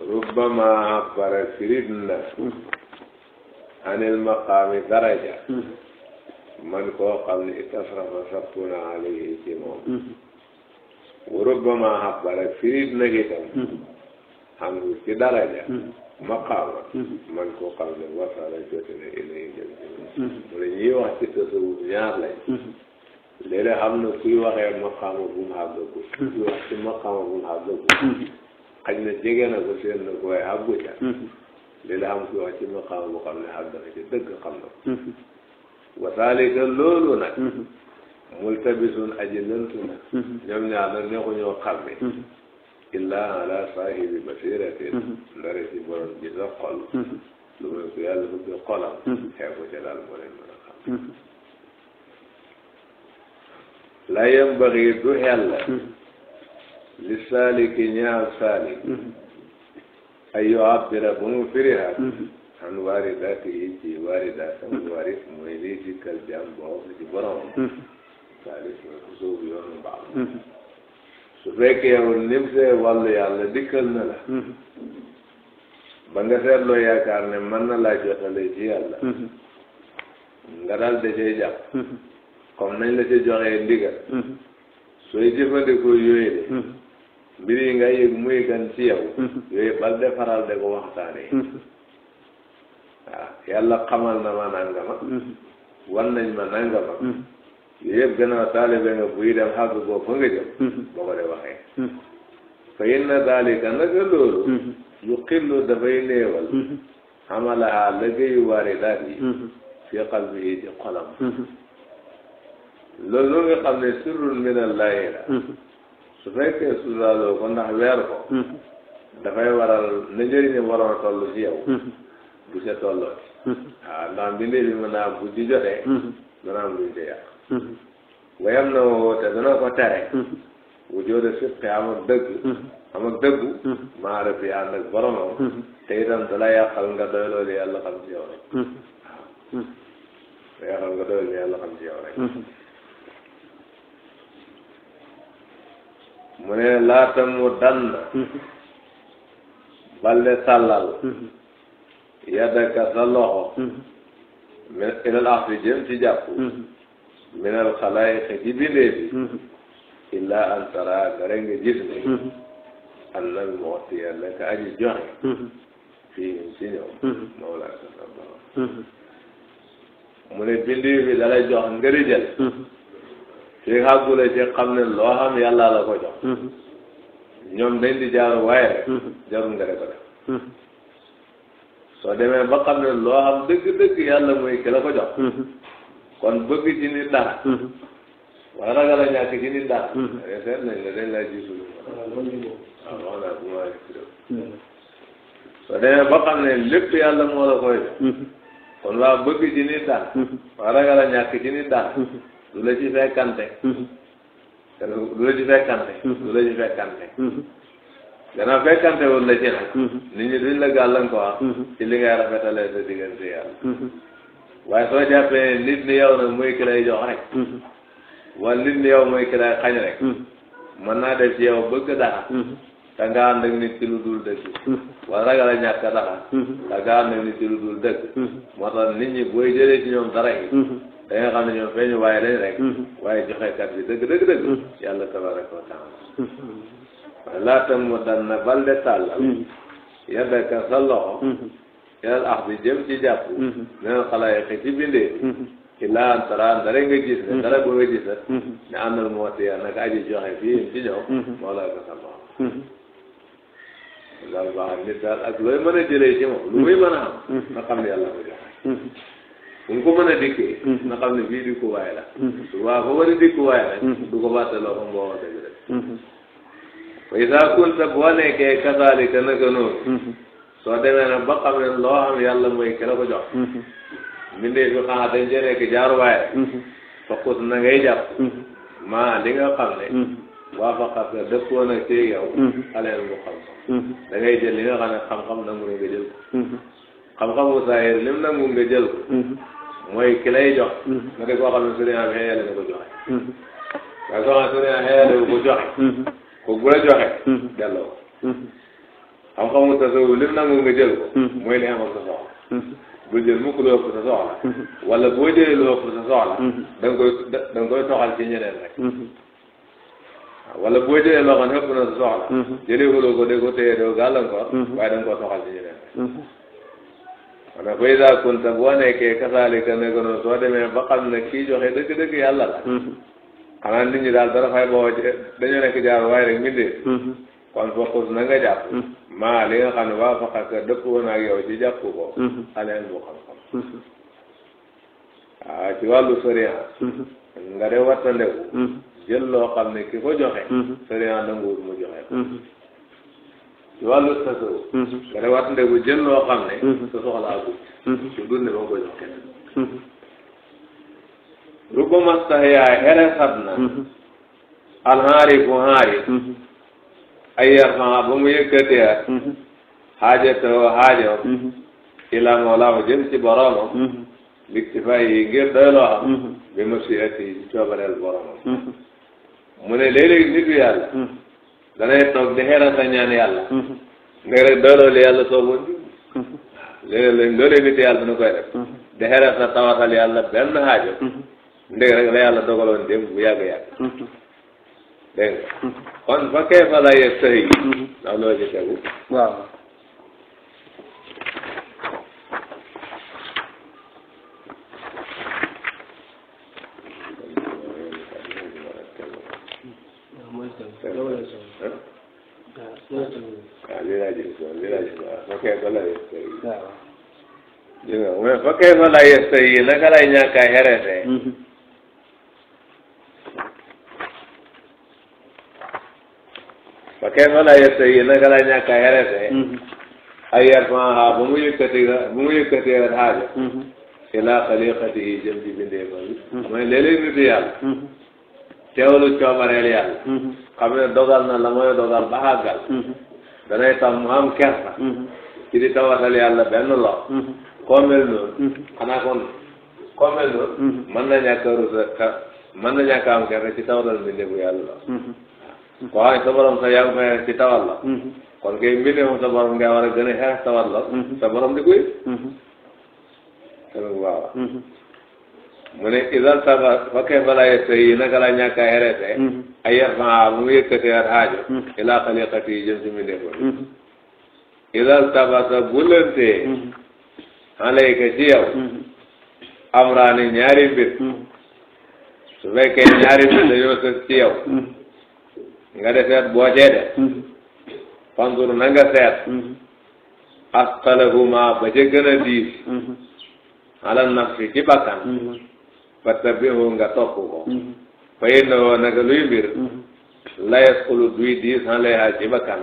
rubbama bara firib na anil maqaami daraja man koo xam ne itasrafa sappuna alayhi ci moom wa rubbama bara firib na itam xanu ci daraja maqaama man koo xam ne wasala jote na ilayhi jëm ci mu ne ñuy wax ci tasawuf ñaar lañ léeg-léeg na kuy waxee maqaama bu mu xàggagu kuy wax ci maqaama bu mu xàggagu xaj na jege na ko seen na ko waaye mm-hmm. li la xam ko wax ci maqaam bu xam ne xam dafa ci dëgg xam na mm-hmm. wasaalika loolu mm-hmm. multabisun aji na ñoom ñaar nag ne ko ñoo xam ne illaa ala saahibi basiratin ndare ci borom ji sa xol lu may ko yàlla bëgg xolam xee ko ca daal moo leen a la yem baxi du xel la li saaliki ñaal saalik ay yoo abbira bu mu firihaat an waaridaati yi ci waaridaatam waaris mooy lii dikkal jaam boo ci borom saalik mooy ku sóobu yoonu mbaax su fekkee yow nim see wàllu yàlla dikkal na la ba nga seetloo yaakaar ne mën na laa jotale ci yàlla nga daal da cee jàpp comme nañ la ci joxee ndigal sooy jëfandikoo yooyu de mbir yi nga yëg muy gën ci hmm. bal de faral de ko waxtaanee. Hmm. waaw yàlla xamal na ma nangama. Hmm. wan ma nangama. yooyu yëpp gannaaw taalibe nga buy dem xàgg boo fa nga jëm. boo ko de waxee. fa inna dalika naka loolu. yu xillu dafay néewal. xamalaha liggéeyu waari daal yi. fi qalbi yi ci xolam. min allahi la. su fekkee suulaaloo ko ndax weer ko dafay waral na njëriñu waroon a toll ci yow bu ca tolloo waaw ah, ndax mbindee bi mën naa bu ci jotee dana am luñ ci yàq wayam na woo te dana ko tere wu jooda sitqi am ak dëgg am ak dëggu maa rëbbi ànd ak boromam te itam dala yàqal nga doy loolu yàlla xam ci yow rek waaw nga yàqal nga doy loolu yàlla xam ci yow rek mu ne laata mu dand balle sàllal yadaka sa loxo min ilal axsi jëm ci jàpp minal xalaayiq ci illa an tara gare nga gis ne annal aji joxe fii ci ñëw mawlaa ka sa borom mu ne bindéefi ci xàggule ci xam ne loo xam yàlla la ko jox mm-hmm. ñoom dañ di jaar waaye mm-hmm. jarul nga def ko def mm-hmm. soo demee ba xam ne loo xam dëgg-dëgg yàlla mooy ki la ko jox kon bëgg ci nit dara wala ragal a ñàkk ci nit la dañ laa jiitul ne lépp yàlla moo la koy jox kon a du la ci fekkante mhm. du la ci fekkante mhm. du la ci fekkante gannaaw mhm. fekkante woon la ci nag nit ñi duñ la gàllankoor ci li ngay rafetalee sa diggante yàlla waaye ni yow nag muy ki lay jox wala nit ni yow muy ki lay xañ rek mën naa def ci yow nga ànd ak nit ci wala ragal a ñàkk dara te nga ànd ak nit ci lu dul ci ñoom da nga xam ne ñoom feeñu waaye lañ rek. Mm-hmm. waaye joxekat bi dëgg dëgg dëgg. Mm-hmm. yàlla tabaraka wa taala. Mm-hmm. laata mu dan na bal de tàllal. yadaka sa loxo. yàlla na ax bi jëm ci jàpp. dinañ xalaat ci bindee. ci laan taraan dara nga gis ne dara bu nga gis ne. ne am na lu mu wax naka aji joxe fii ci ñëw. moo la ko sa loxo. loolu baax nit daal ak looy mën a jëlee ci moom. lu a am. bu ñu ko mën a dikkee. Mm-hmm. na xam ne bii dikkuwaay la. waaw foo mën a dikkuwaay rek. Mm-hmm. du ko bàttaloo xam nga wax dëgg rek. mais saa kunta boo nekkee kasaalika naka noonu. Mm-hmm. soo demee nag ba xam ne loo xam yàlla mooy kër ko jox. mbindee bi xanaa dañ cee nekk jaaruwaay rek. fokkut na ngay jàpp. maa li nga xam ne. waa fa xas nga dëppoo nag ci yow. xaleel mu xam-xam. da ngay jël li nga xam ne xam-xam nangu lim nangu nga mooy ki lay jox. Mm-hmm. nga def koo xam ne su dee am xëy na ko joxe. Mm-hmm. waaye koo xam ne su dee am xëy na ko joxe. Mm-hmm. ko bu la joxe. delloo ko. xam-xamu tasawuf li mu nangu nga jël ko. mooy li am ak sa soxla. bul jël lu ëpp sa soxla. wala boo jëlee lu ëpp sa soxla. da nga koy da nga koy toxal ci ñeneen rek. wala boo jëlee loo xam ne ëpp na sa soxla. jëlee ko loo ko de ko téye doo gàllankoor. waaye da nga koo toxal ci ñeneen rek. ne ko idaa kunta boo nekkee kasaalika ne ko noonu soo demee ba xam ne kii joxe dëgg-dëgg yàlla la. Hmm. xanaa nit ñi daal dara fay boo dañoo nekk jaar waaye rek mbindee. Hmm. kon fokkus na nga jàpp. Hmm. maa li nga xam ne waa Fakka dëppoo na ak yow ci jàpp ko. xale bu xam-xam. waaw ci wàllu soriya. nga de wattandeku. jël loo xam ne ki ko joxe. soriya nanguwul mu joxe. ci wàllu tasawuf. Mhm. nga ne waat ndeku jël loo xam ne. Mhm. sa soxlaa gudd. su mhm. dul ne ba ko jox kenn. rubama stahyaa xeresat na. alxaari bu xaari. ay yar ma ba mu yëkkatee ak. xaajatoo xaajoo. ila mawlaahu jëm ci boromam. liktifa yi ngir doyloo am. bi ma si ati ci coobareel boromam. mu ne léeg-léeg nitu yàlla. da ngay toog di xeeral sa ñaan yàlla. Mhm. léegi rek dooleel yàlla soobu mhm. léeg-léeg loolee nit yàlla nu koy def. Mhm. di xeeral sa tawatal yàlla benn xaajo. léegi rek la yàlla dogaloon dem bu yàgg yàgg. dégg nga kon fa kee fa la yegg sëy. ndax loolu ci tegu. waaw. mu ne fa kayfa laa yastawii naka lay ñàkk a xerete fa kayfa laa yastawii naka lay ñàkk a xerete ay yar fan ha ba mu yëkkati ba mu yëkkati haaja mm-hmm. ilaa xaliqati yi jëm ci bindee mm-hmm. ba bi mooy mm-hmm. léeg-léeg nitu yàlla teewlu coobareel yàlla xam ne dogal na la mooy dogal ba xàggal danay tax mu am kersa ci di tawatal yàlla benn loxo koo mel noonu. Mm-hmm. xanaa kon koo mel noonu. Mm-hmm. mën na ñàkk a ka mën na ñàkk a am gerte ci tawalal mbindeefu yàlla la. koo xam mm-hmm. sa borom sa yàlla may ci tawal la. kon kay mbindeefu sa borom nga war a gën a xeex tawal la. sa borom di koy. waaw. mu ne isal saba fa kay bala yetta yi naka la ñàkk a herete ay yarfaa mu yëkkati at aajo ilaa xaliqati yi jëm si mbindeefu isal saba sa bulante alayka ci yow mm-hmm. amraani ñaari mbir mm-hmm. su fekkee ñaari mbir dañoo sës ci yow mm-hmm. nga de seet boo cee def fanzur na nga seet asqalahuma ba ca gën a diis ala nafsi ci bakkan fa tabihu nga topp ko fa innahu naka luy mbir la yasqulu duy diis alayha ci bakkan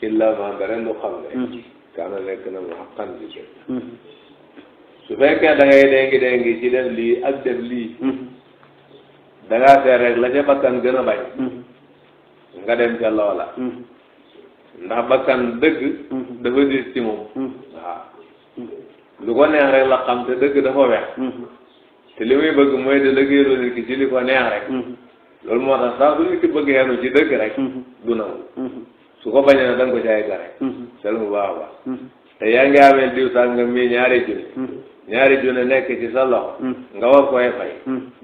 illa ma bare lu xam ne kaana nekk na mu xaqan bi dëgg hmm. su fekkee da ngay dengi dengi ci def lii ak def lii hmm. da ngaa seet rek la ca bakkan hmm. nga dem ca loola ndax bakkan dëgg dafa diis ci moom waaw lu ko neex rek la xam te dëgg dafa wex te li muy bëgg mooy de liggéeyloo nit ki ci li ko neex rek loolu moo tax saa su nit rek du su ko bañee nag da nga ko jaay gare mhm. sel mu baax a baax mhm. te yaa ngi amee diw sàngam mii ñaari junni mhm. ñaari junni nekk ci sa loxo nga war koy fay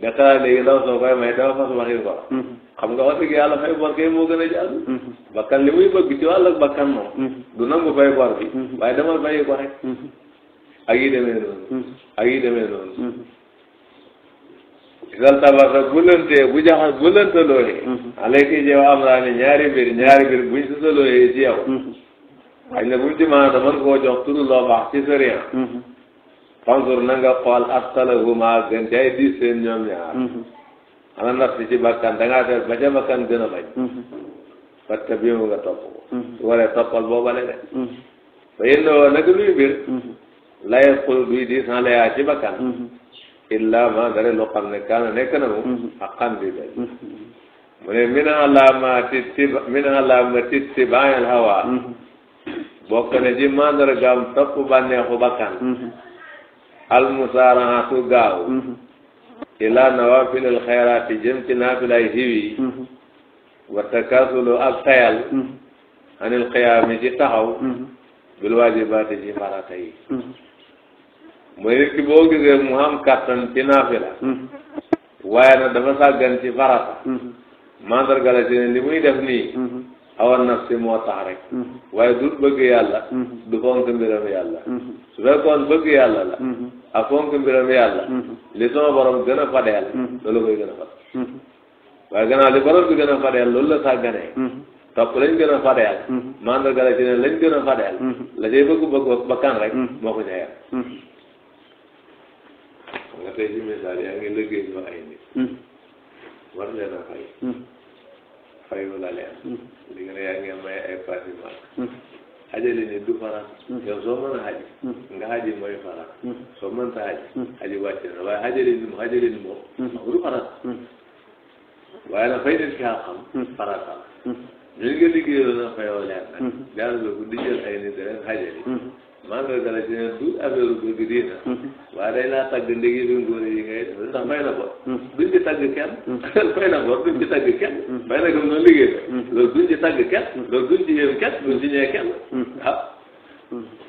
de xalaat léegi ndaw soo koy may dafa fas waxin ko xam nga wax dëgg yàlla fay kay moo gën a jàll bakkan li muy bëgg ci wàllu bakkan moom du nangu fay bor bi waaye demal ko rek ak yi demee noonu ak yi demee noonu isal tabasa bu lëntee bu jaxas bu lëntalooyee mm-hmm. aleyki jew am naa ni ñaari mbir ñaari mbir buñ si salooyee ci yow mm-hmm. xañ na bumu ci maanaam mën koo jox loo baax ci sëriñ mm-hmm. fanzur na nga xool astalahuma gën cay diis seen ñoom ñaar ana nafsi ci bakkan da ngaa seet ba ca bakkan gën a bañ parce que bii mu nga topp ko su waree toppal boobale de ba yénn woo nag luy mbir layet xul duy illa ma dara loo xam ne kaana nekk na mu xaqan bi day mu ne min alaamati tiba min alaamati tibaayal hawa bokk na ci mandargaam topp bànneexu bakkan almusaaraatu gaaw ila nawafilil xayraati jëm ci naafilay hiwi wa takasulu ak tayal anil qiyaami ci taxaw bil waajibaati ci farata mooy nit ki boo gisee mu am kàttan ci naafila hmm. waaye nag dafa sàggan ci farata hmm. mandarga la ci ne li muy def nii hmm. awan nafsi moo tax rek waaye du bëgg yàlla du fonk mbiram yàlla su fekkoon bëgg yàlla li sama borom gën a fadeel loolu koy gën a fadeel waaye gannaaw li borom bi gën a fadeel loolu la sàgganee topp lañ gën a fadeel mandarga la ci ne lañ a fadeel la cay rek moo ko xam nga tey ci misaal yaa ngi liggéey loo ay nit hmm. war leen a fay hmm. fayu la leen li hmm. nga ne yaa ngi may ay parti mag xajali ni du farat yow soo mën a xaji nga xaji mooy farat soo mënta xaji xaji wàcc na waaye xajali ni mu xajali ni moom xam du farat waaye na fay nit ki xam faratal ñu nga liggéey loo na fayoo leen nag jaarale ko di jël ay nit rek xajali mandarga la ci ne du affaire bëgg diina mm-hmm. waaye dañ laa tagg ndégi bi ngóor yi ngay def ndax mm-hmm. may na bor mm-hmm. duñ ci tagg kenn may na bor duñ ci tagg kenn may na gëm noonu liggéey la loolu duñ ci tagg kenn loolu duñ ci yéen kenn duñ ci ñee kenn waaw ah.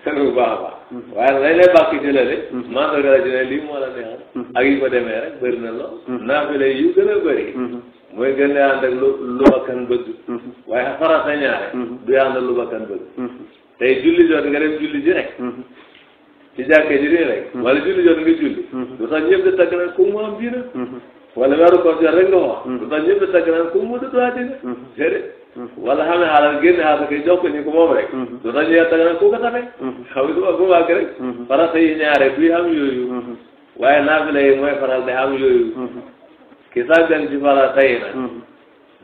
seen bu baax a baax waaye nag dañ lay bàkk ci la de mandarga la ci ne lii moo la neexal ak yi ko demee rek bëri na lool naa fi lay yu gën a bëri mooy gën di ànd ak lu lu bakkan bëgg waaye farata ñaare du ànd ak lu bakkan bëgg tey julli jot nga dem julli ji rek. Mhm. ci jàkkee ji nii rek. Mhm. wala julli jot nga julli. Mhm. lu tax ñëpp di tagg naan ku mu am diina. wala weeru koor jot rek nga wax. lu tax ñëpp di tagg naan ku mu dëddu àddina. déedéet. wala xam ne xaaral génne xaaral kay jox ko ñu ko moom rek. lu tax ñëpp tagg naan ku ko tafe. xam nga ku wàgg rek. farata yi ñaare duy am yooyu. waaye naafila yi mooy faral di am yooyu. ki sàggan ci farata yi nag.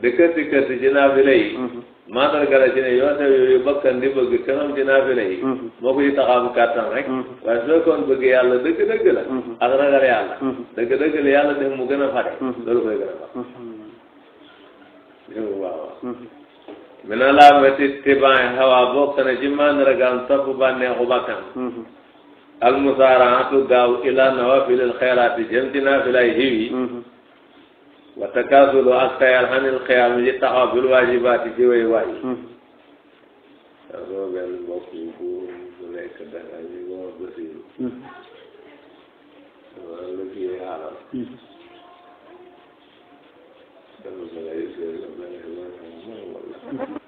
di kërti kërti ci naafila yi. mandarga la ci ne yoon na yooyu bakkan di bëgg kanam ci naafila mm-hmm. moo ko ci taxaam kàttan rek mm-hmm. waaye su fekkoon bëgg yàlla dëgg-dëgg la mm-hmm. ak ragal yàlla dëgg-dëgg la yàlla def mu gën a fare loolu koy gën a far dégg waaw mi na laa métti tibaan xawa bokk na ci mandargaam topp bànneexu bakkan al musaaraatu gaaw ila nawafilil xayraati jëm ci naafila yi wa takaasulu ak tayal xanil xiyaam yi taxaw bil waajibaati ci way waay sama benn mbokk bu góor bu nekk Dakar ñu ko wax Basiru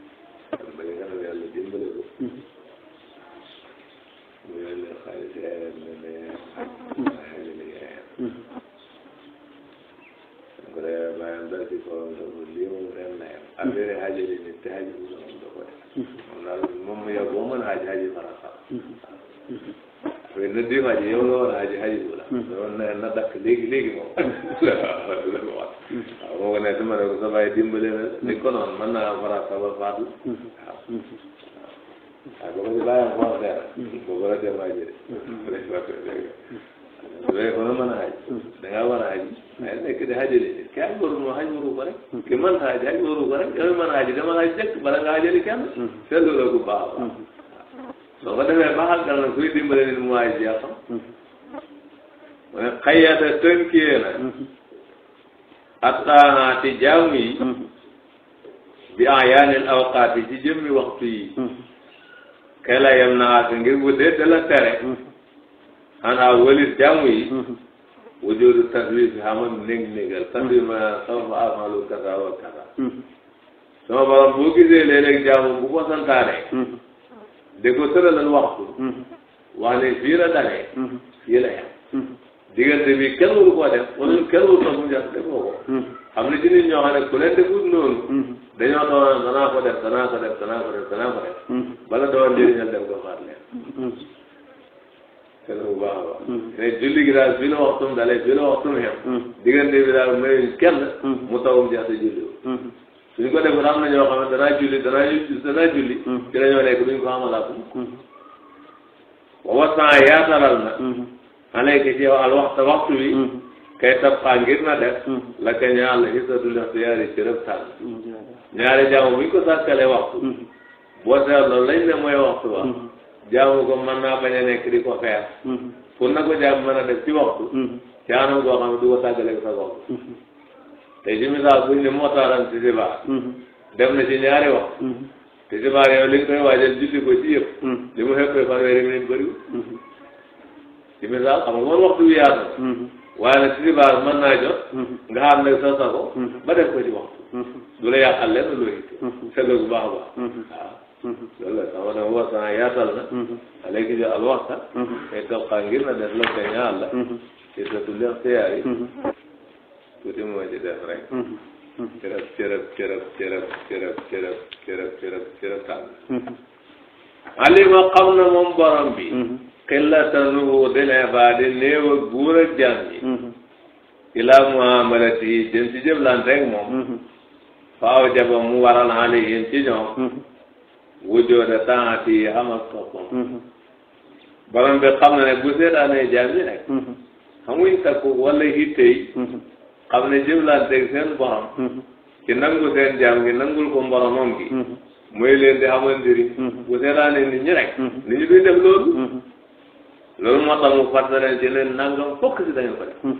dama yàlla di ko lii moom ren na yàlla affaire yi xaajal yi nit te xaajal yi moom da ko def moom daal moom mu yow boo mën a xaaj xaajal mën a xam mais na di xaaj yow la woon xaaj xaajal wu la doon na na dakk léegi léegi moom la ko wax waaw moo ko ne dama ne ko sa bàyyi dimbale na ni ko noonu mën naa farata ba faatu waaw waaw ba ko ci bàyyam foo xeer boobu la dem xaajal su fekkee nga mën a xaj da ngaa war a xaj waaye nekk di xajali nit ki xaj warul moo xaj waru ko rek ki mën xaj xaj waru ko rek yow mën a xaj dama xaj jëkk bala nga xajali kenn seetlu la ko baax a baax soo ko defee baaxal dal na kuy dimbale nit mu xaj jeexam mu ne xayyata tënkee na attaanaati jaamu yi bi ayaanil awqaat yi ci jëmmi waxtu yi kay la yem naa ngir bu dee la tere ana walit jàmm yi mhm. wujudu taswif bi xamal néeg-néegal taswif mhm. ma sawfa amalu kaza wa kaza mhm. sama borom boo gisee léeg-léeg jàmm bu ko santaane de ko tëralal waxtu wax ne fii la dalee fii la yem diggante bi kenn waru koo def wala kenn waru toog mu jàpp defoo ko xam ne ci nit ñoo xam ne ku leen defut noonu dañoo doon danaa ko def danaa ko def danaa ko def danaa ko def bala doon njëriñal def ko faat leen kenn ku baax a baax. mais julli gi daal bi la waxtum dalee bi la waxtum yem. diggante bi daal mayuñ kenn. mu tawum jaata julli wu. suñ ko defoon am na ñoo xam ne danaa julli danaa julli danaa julli. ci la ñoo nekk duñ ko amalaat. wa wasan yaataral na. alayka ci yow al waxta waxtu wi. kay tappaa ngir na def. la ka ñaar la hisatu lixtiyaari ci rëb tànn. ñaari jaamu buñ ko sàkkalee waxtu. boo seetloo lañ ne mooy waxtu wa. jaamu ko man naa bañ a nekk di ko xeer mhm. pour na ko jaam mën a def ci waxtu ci mhm. anam goo xam ne du ko tàggaleeg sa bopp mhm. te ci misaal buñ ne mootaaran ci sibaar def na ci ñaari wax te sibaar yow li nga koy waajal julli ko mu nga moom waxtu wi yaatu waaye nag ci sibaar mën naa jot nga xam ne sa sago ba def ko ci waxtu du la yàqal lenn loo yitte seetlu bu baax a baax waaw loolu la sama ne waxtaan ak yaatal na. léegi al waxta. te tabqa ngir na def la ko ñaal la. te mm-hmm. dootul ixtiyaar yi. Mm-hmm. tuuti moo ci def rek. Mm-hmm. cërëb cërëb cërëb cërëb cërëb cërëb cërëb cërëb cërëb alima xam na moom borom bi. xillatanuhu dina baadi néew ak buur ak jaam yi. ilaa muamalati jëm ci jëflante ak moom. faaw jaba mu waral alayhim ci ñoom. wujooda taati yi xamal toppam mhm. borom bi xam na ne bu seetaanee jaam ñi rek mhm. xamuñ takku wala hitte yi mhm. xam ne jëflanteeg seen borom ci nangu seen jaam gi nangul ko mboromam gi mooy leen di xamal njëriñ bu seetaanee nit ñi rek nit ñi duñ def loolu loolu moo tax mu fàttali ci leen nangam fokk si da ngeen ko def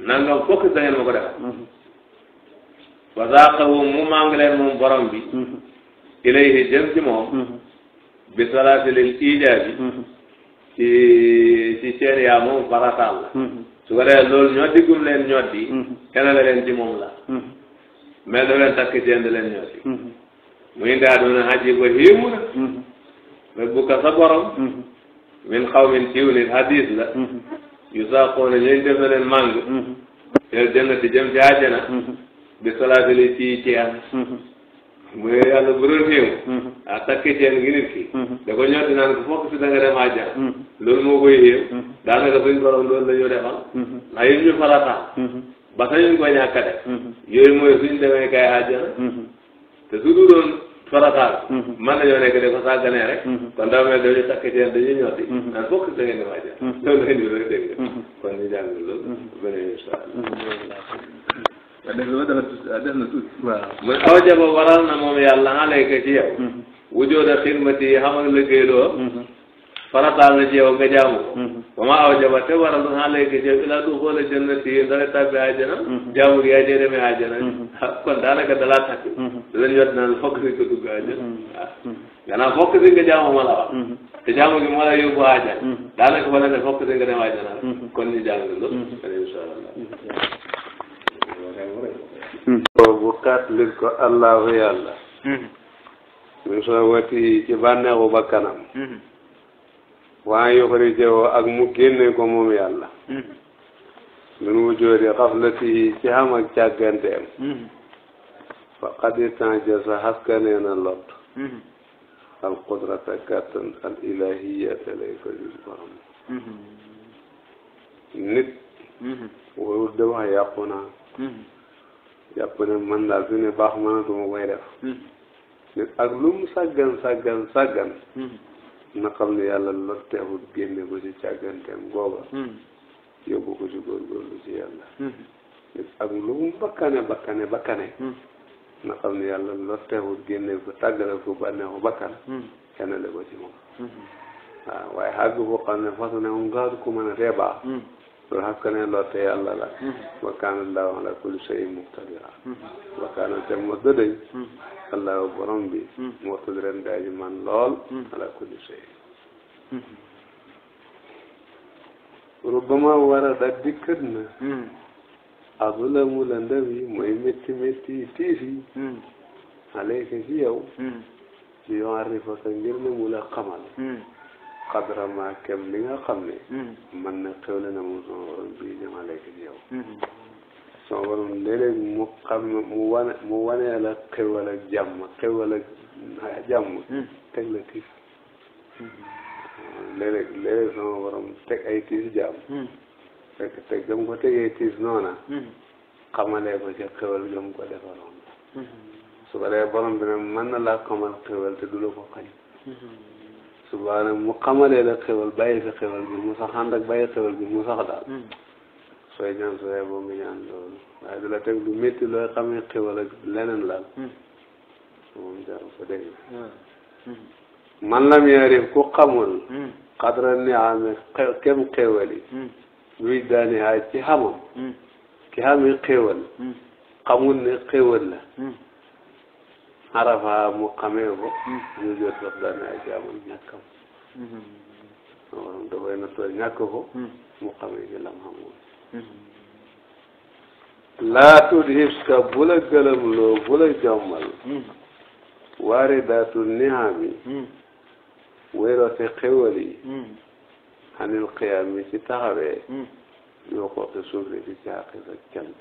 nangam fokk si da ngeen ma ko defal wasaaqahu mu màng leen moom borom bi ilayhi jëm ci le bi salaatilil ijaabi ci ci seen yaa moom farataal la su ko defee loolu ñoo diggum leen ñoddi kenale leen ci moom la mais doo leen takk seen di leen ñoddi muy ndaa doon haji ko hiimu na mais bu ko sa borom min xawmin ciw nit hadis la yu saaqoo ne ñooñu def na leen màng jël jënnati jëm ci àjjana bi solaatali ci ceen mu ne yàlla bu doon néew ah mm-hmm. takki ceen gi ki mm-hmm. da ko ñotti naan ko fokk si da nga dem àjjana mm-hmm. loolu moo koy yéew daanaka suñ borom loolu la ñu defal ndax farata ba sañuñ ko ñàkk a def yooyu mooy suñ demee kay àjjana te su du doon farataal mën nañoo nekk de ko sàgganee rek kon daa mel dañu takki ceen dañuy ñotti naan fokk si da ngeen dem àjjana loolu la ñu rek dégg kon ñu jàng loolu beneen des na tuuti. waaw mu ne aw jaba waral na moom yàlla alayka ci yow. Mm-hmm. wujooda xidmati xamal liggéeyloo. Mm-hmm. farataal na ci yow nga jaamu ko. Mm-hmm. ba ma aw jaba te waral na alayka ci yow ilaa du xoola jannati ndara tàbbi àjjana. jaamu gi yaa cee demee àjjana. Ah, kon daanaka dalaa takk. dinañ jot naan fokk si nga dugg àjjana. waaw ah. gannaaw fokk si nga jaamu ma la wax. te jaamu gi moo la yóbbu àjjana. daanaka wala ne fokk si nga dem àjjana. kon ñu jàng loolu. incha allah. Mm. bu xetlil ko allahu yàlla min mm-hmm. soowati ci bànneexu bakkanam mm-hmm. waa yuxrijoo ak mu génne ko moom yàlla mm-hmm. min wujoodi xaflati ci xam ak càgganteem faqad istanjasa haskanee na lot al qudrata kàttan al ilahiyata lay ko jur borom nit warul de wax yàqu naa jàpp mm-hmm. ne man daal fi ne baax mënatuma koy def mm-hmm. nit ak lu mu sàggan sàggan sàggan mm-hmm. na xam ne yàlla lotteewut génne ko ci càgganteem googa yóbbu ko ci góorgóorlu ci yàlla nit ak lu mu bakkane bakkane bakkane na xam ne yàlla lotteewut génne ko tàggale ko bànneexu bakkan kennale ko ci moom waaw waaye xàgg boo xam ne façon ne moom gaatu ko mën a reebaa loolu xam nga ne lotte yàlla la. Hmm. wa kaana allahu ala kulli shay'in muqtadira. Hmm. wa kaana te mos a dëñ. Hmm. allahu borom bi. muqtadiran daaji man lool. ala kulli shay'in. rubbama warada dikkat na. azlamu la ndaw yi mooy métti métti tiis yi. alayka ci yow. li yu'arrifaka ngir ne mu la xamal. xadra ma kem li nga xam ne hmm. man na xew le na moom sama borom bi jëmale ci yow hmm. sama borom léeg-léeg mu xam mu wane mu wanee la xewal ak jàmm xewal ak jàmm hmm. teg la tiis léeg-léeg léeg-léeg sama borom tiis jàmm fekk teg gam ko tegee tiis noona xamalee ko ci xewal gam ko defaloon su ko dee borom bi mën na te du la ko subaana mu xamalee la xewal bàyyi fi xewal bi mu sax ànd ak bàyyi xewal bi mu sax daal hmm. sooy ñaan sooy boo nga ñaan loolu waaye du la teg lu métti looy xamee xewal ak leneen laal hmm. moom jaru fa dégg hmm. man lam yarif ku xamul xadra ni ne xewal la arafa mu xamee ko ñu jot wax daan ay jaamam ñàkkam warom dafay na tooy ñàkk ko mu xamee ci lam xamoon laa tudhib ka bu gëlëm loo bu la jommal waaridatu niami wérote xewal yi xanil xiyaam yi ci taxawee yoo ko te suufle ci caaqi ak cant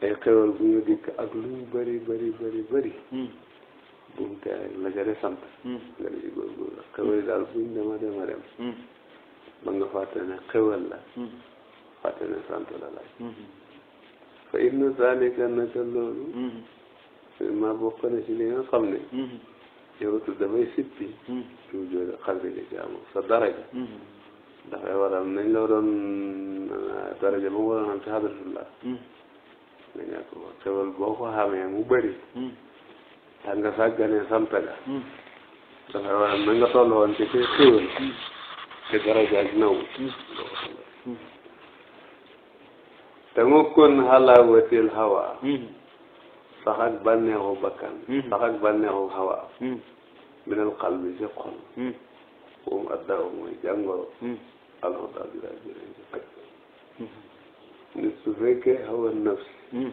day xewal bu ñu dikk bari lu mu bëri bëri bëri bëri hmm. bu mu tee rek la ca de sant nga hmm. di góorgóorlu xewal yi daal buñ dema dema dem ba hmm. nga fàtte ne xewal la fàtte ne sant la laaj fa inna zalika naka ma bokk na ci li nga xam ne yow tu dafay sippi toujours xasida ci am sa daraja dafay waral nañ la doon daraja ba mu waroon am ci xadratullah nga ko xewal boo ko xamee mu bëri ta hmm. nga sàgganee sant ga hmm. dafay waral na nga toll woon ci koy xewal hmm. te daraja ak naw te mu kon xalaawatil hawa sax ak bànneexu bakkan sax ak bànneexu hawa minal qalbi ci xol moom addaw mooy jàngoro alxudaal bi daal jëlee ci faj nit su fekkee hawa nafsi hmm.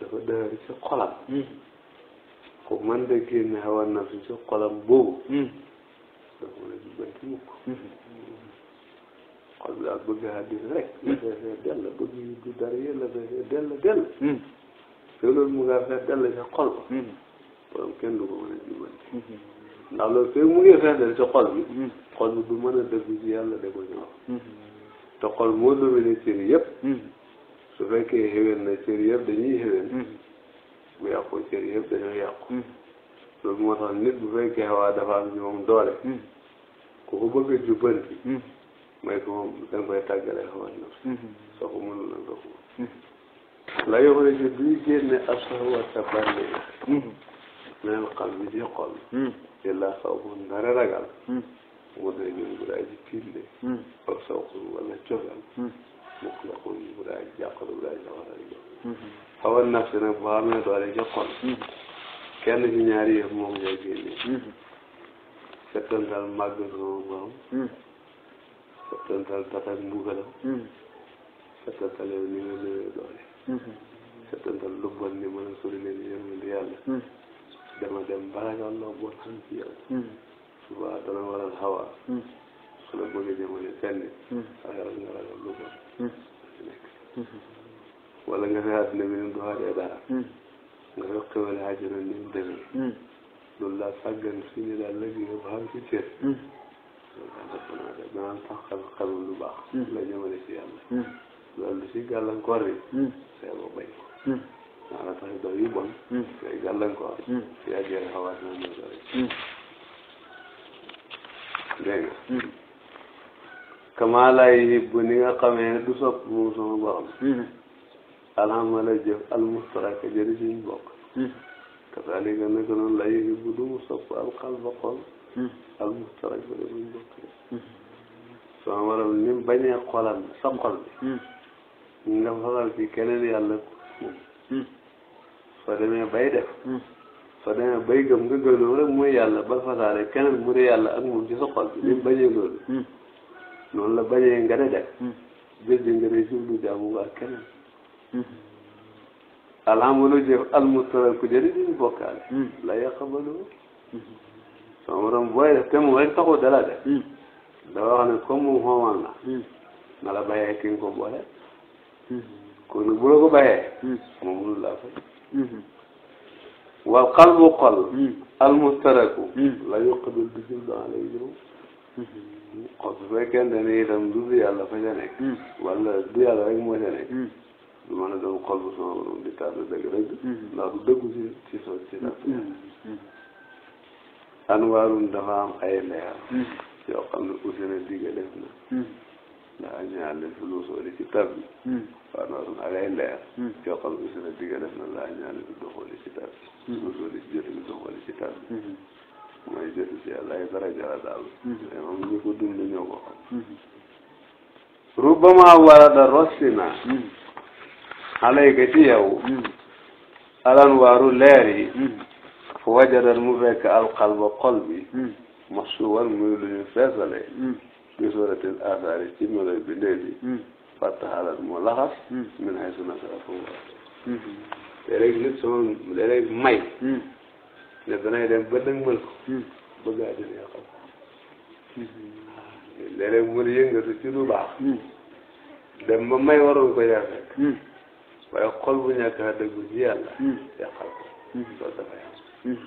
dafa dëgër ci xolam hmm. ku mën de génne hawa nafsi ci xolam boobu hmm. dafa mën a jubbanti mukk xol bi daal bëgg hadis rek la feesee dell dell dell te loolu mu ngaa fees dell ci xol ba borom kenn du ko mën a jubbanti ndax loolu mu ngi fees dell ci xol bi xol bi du mën a dëgg ci yàlla de ko ñor te xol moo lëwéne cër yëpp su fekkee xéwén na cër yëpp dañuy xéwén bu hmm. yàqu cër yëpp dañoo yàqu loolu moo tax nit bu fekkee xawaa dafa am ci hmm. ku ko bëgg a jubbanti may hmm. ko moom danga koy tàggale xawan na soo ko mënul nag doo ko la yoxle ji duy génne ab saxwat sa bànneex mel xal bi ci xol illaa saw bu ndare ragal wala ñun bu daal di tiile. ak sawqu wala cofeel. mutlaqun bu daal di jàqal bu daal di sawar a jóg. xawa nafsi nag boo amee doole jokkoon. kenn hmm. ci ñaari yëf moom hmm. ngay génne. settantal màgg hmm. sama borom. settantal tatak mbugalam. settantal yow ni nga néewee doole. settantal lu bon ni mën a sori leen yërmande yàlla. dama dem baragal loo bon xam ci suba dana waral hawa hmm. su la bëggee jëmale fenn ragal nga ragal lu bon hmm. hmm. wala nga fay àddina bi ni du xaajee dara nga fay xewal xaajana ni mu demee loolu laa sàggan suñu daal ba xam ci cër danaan tax xel xelu lu baax la jëmale ci yàlla loolu lu si gàllankoor bi see ba bañ ko naa la tax dox yu bon ngay gàllankoor si àggee xawaat na ñu doy dégg nga kama laa yuhibbu ni nga xamee ne du sopp moom sama borom alhamala jëf almustaraka jëri suñ bokk kasaalika naka noonu laa yuhibbu du mu sopp alxalba xol almustaraka jëri suñ bokk sama borom ni mu bañee xolam sa xol bi nga faral ci keneen yàlla ko moom soo demee bay soo demee bay gëm nga gëm loolu rek mooy yàlla ba fasaale keneen mu ne yàlla ak moom ci sa xol hmm. noonu la bay nga ne def. bés bi nga ne jublu jaamu nga ak keneen. Hmm. alhamdulilah jëf almustaraku jëri duñu bokkaale. Hmm. la yaqabalu. sama borom booy def te moom rek taxul dala def. da wax ne comme moom xoomal na. na la bàyyee ki nga ko boole. kon wal qalbu xol hmm. al mustaraku hmm. la yuqbil hmm. du jullu alayhi xol su fekkente ne itam du yàlla fa ca nekk wala du yàlla rek moo ca nekk du mën a doon bu sama borom di tàdd dëgg rek ndax du dëggu si si so si sa anwaarum dafa am ay leer yoo xam ne usina digga def na ndax ñu naan leen fi lu sooli ci tab bi. Hmm. waaw noonu ak ay leer. Hmm. yoo xam ne su ne jot bi doxooli ci tab bi. Hmm. mooy jot ci yàlla daraja la daal. mais moom ñu ko dund ñoo ko xam. rossina. alayka ci yow. alan waaru leer yi. fu wajadan mu fekk alqalba xol bi. masuwan muy lu ñu feesale. fi suratil asaari ci melo bindeef yi fattaxalat mu laxas min hay su nasara fo wa léeg-léeg nit sama léeg-léeg may ne danay dem ba dëgmal ko bëgg àddina ya xam léeg-léeg mu yëngatu ci lu baax dem ba may waroon ko yaa fekk waaye xol bu ñàkk a dëggu ci yàlla yàqal ko loolu dafa yàq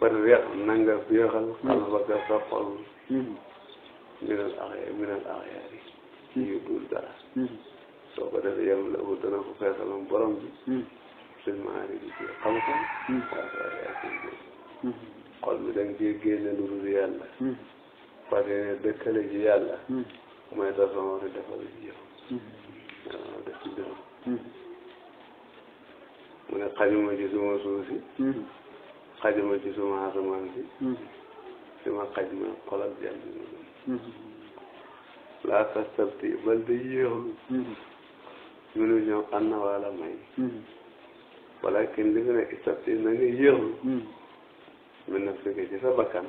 far weex nanga féexal xal ba sa xol minal axyaari minal axyaari hmm. yu dul dara hmm. soo ko defee yow la ko dana ko feesalum borom bi suñ maari bi ci xam-xam hmm. waaye yaa ci góor xol bi da nga ciy génne lu dul yàlla parce que ne dëkkale ji yàlla mooy tax sama war a defal ji yow waaw def ci dërëm mu ne xajuma ci suma suuf si xajuma ci suma asamaan si si ma xaj ma xolal jàmm Mm-hmm. laa ka sabti bal di yéexlu ñu ne ñoom am na wala may mm-hmm. walakin li nga ne sabti na nga yéexlu min mm-hmm. na fekk ci sa bakkan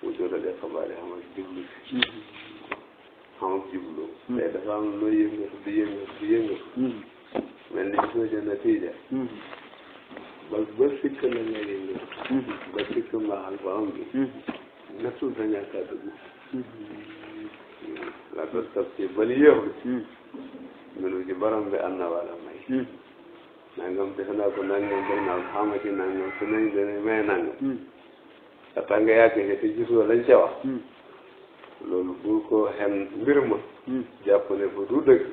mu jëlale xabaar yi xamal jublu si xamal jublu tey dafa am loo yëngatu di yëngatu di yëngatu mel ni soo jël natiija ba ba sikk la nga yëngatu ba sikk mbaaxal ba am bi nekkul sa ñàkk a dugg la ko sab ci bali yow melu ci borom bi am na wala may nangam def naa ko nangam def naa ko xama ci nangam su nañ dana may nangam sa tax nga yàgg ci te gisoo lañ ca wax loolu bul ko xen mbir ma jàpp ne bu du dëgg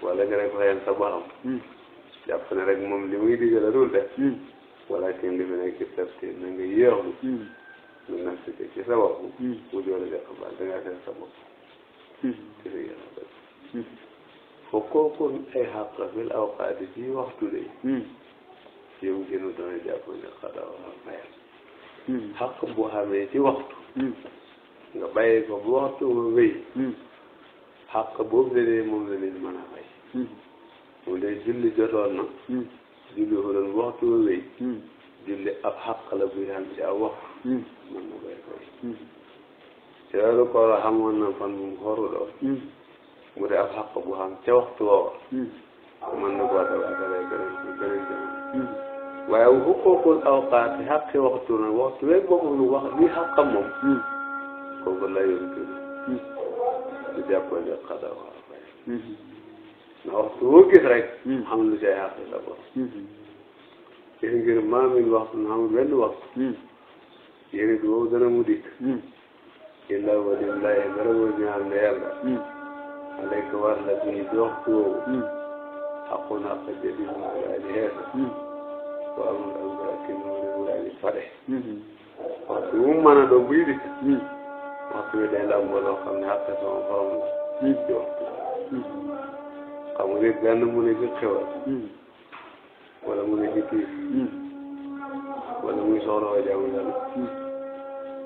wala nga ne ko xen sa borom jàpp ne rek moom li muy digal a dul def wala kenn li fi nekk ci tafsir na nga yéexlu ñu naan si ci sa bopp. bu jooju def ba da ngaa seet sa bopp. ci sa yéen a bëgg. fo kooku ay xàq fil awqaati ci waxtu de. yow gënu dana jàpp ne xanaa war a mayal. xàq bu xamee ci waxtu. nga bàyyi ko bu waxtu nga wéy. xàq boobu la moom la leen mën a fay. mu dee julli jotoon na. julli ko doon bu waxtu nga wéy. julli ab xaq la bu ñu am ci aw wax mën hmm. na koy fay hmm. ci weeru koor xamoon na fan bu mu xooru doon hmm. mu de ab xaq bu xam ca waxtu woowa mën ah, na koo dawaatalee beneen beneen jamono waaye wu xuququl awqaat xaqi waxtu na waxtu weeg boobu nu wax li xaqa moom kooku la yoon tur du jàppoo ne xada waa fay na waxtu woo gis rek xam lu cay xaqi la borom yéen ngir maamin waxtu na amul benn waxtu hmm. yéen it woowu dana mu dikk illa wadim laye bara woo ñaar la yàlla alayka hmm. war la bii di waxtu woowu hmm. xaqu naa ko jadi maa daa di xeet wa amul albaraki noonu daa di pare waxtu wu mu mën a doon buy dikk waxtu wi day làmboo loo xam ne xàq sama borom la di waxtu xam nga nit benn mu nekk xewal wala mu ne ci kii. Hmm. wala muy soxla waa jaamu yàlla.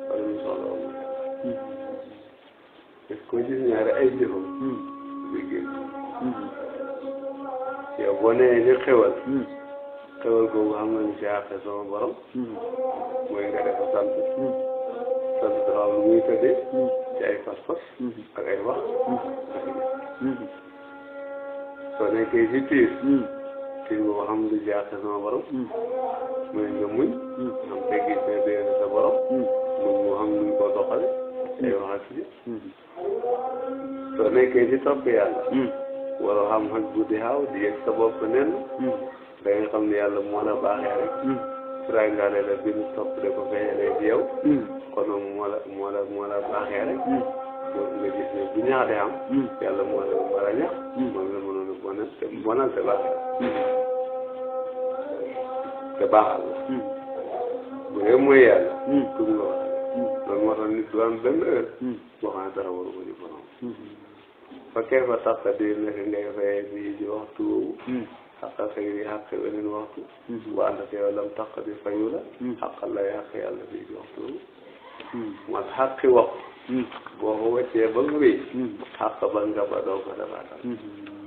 wala hmm. muy soxla waa mu. Hmm. est-ce que koo gis ñaari ay jëfam. muy génn. yow boo nee ni xewal. xewal googu xam si àq sama borom. mooy nga def sant. sant am lu muy tëddee. ci teggin boobu xam nga jaase sama borom. mooy hmm. nga muñ. Hmm. am teggin seen diggante sa borom. Hmm. muñ moo xam nuñ ko doxale. ay waxati. soo nekkee ci topp yàlla. waroo xam xaj bu di xaaw di sa bopp nen. da nga xam ne yàlla moo la baaxee rek. surangale la bi mu topp da ko feeñalee ci yow. kon moo la moo la moo la baaxee rek. nga gis ne bu ñaax de am. yàlla moo la war a ñaax. bonal te baax te baaxal bu dee mooy yàlla tuub nga wax loolu moo tax nit du am benn heure boo xam ne dara waru ko ci borom fa kee fa taxta di nekk ngay fayee bi ci waxtu woowu xaqal xëy na xaq weneen waxtu bu ànd ak yow lam tax di fayu la xaqal lay xaq yàlla bi ci waxtu woowu man xaqi waxtu boo ko wàccee ba nga wéy xaq ba nga ba doo ko defaatal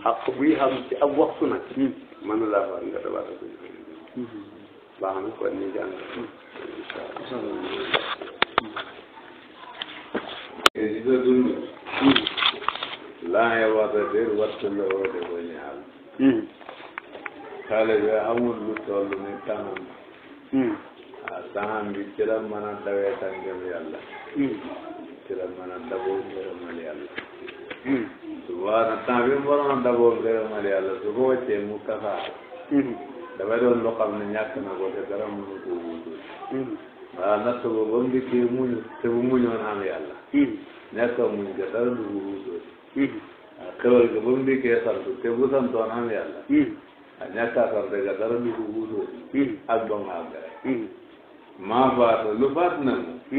a ah, buy xam ci ab waxtu ma hmm. mën laa faral nga dabaat ko ñu. baax na kon ñu jàng. di sa dund. laa ngay wax dëgg waxtu la woo de ko ñaal. xale bi amul lu toll ni tàngoor. Hmm. ah saxam bi ci la mën a dawee tàngoor yàlla. Hmm. ci la mën a daboo ngërëmal yàlla. waaw nag temps bi mu waroon a daboo ngërëmal yàlla su ko wàccee mu kafaar. dafay doon loo xam ne ñàkk na ko te dara mënu ko wuutu. voilà natt boobu ba mu dikkee muñ te bu muñoon am yàlla. ñàkk a muñ te dara du ko wuutu. ah xewal ga ba mu dikkee sant te bu santoon am yàlla. ah ñàkk a sant ga dara du ko wuutu. ak ba mu àgg rek. maa faata lu faat na mu.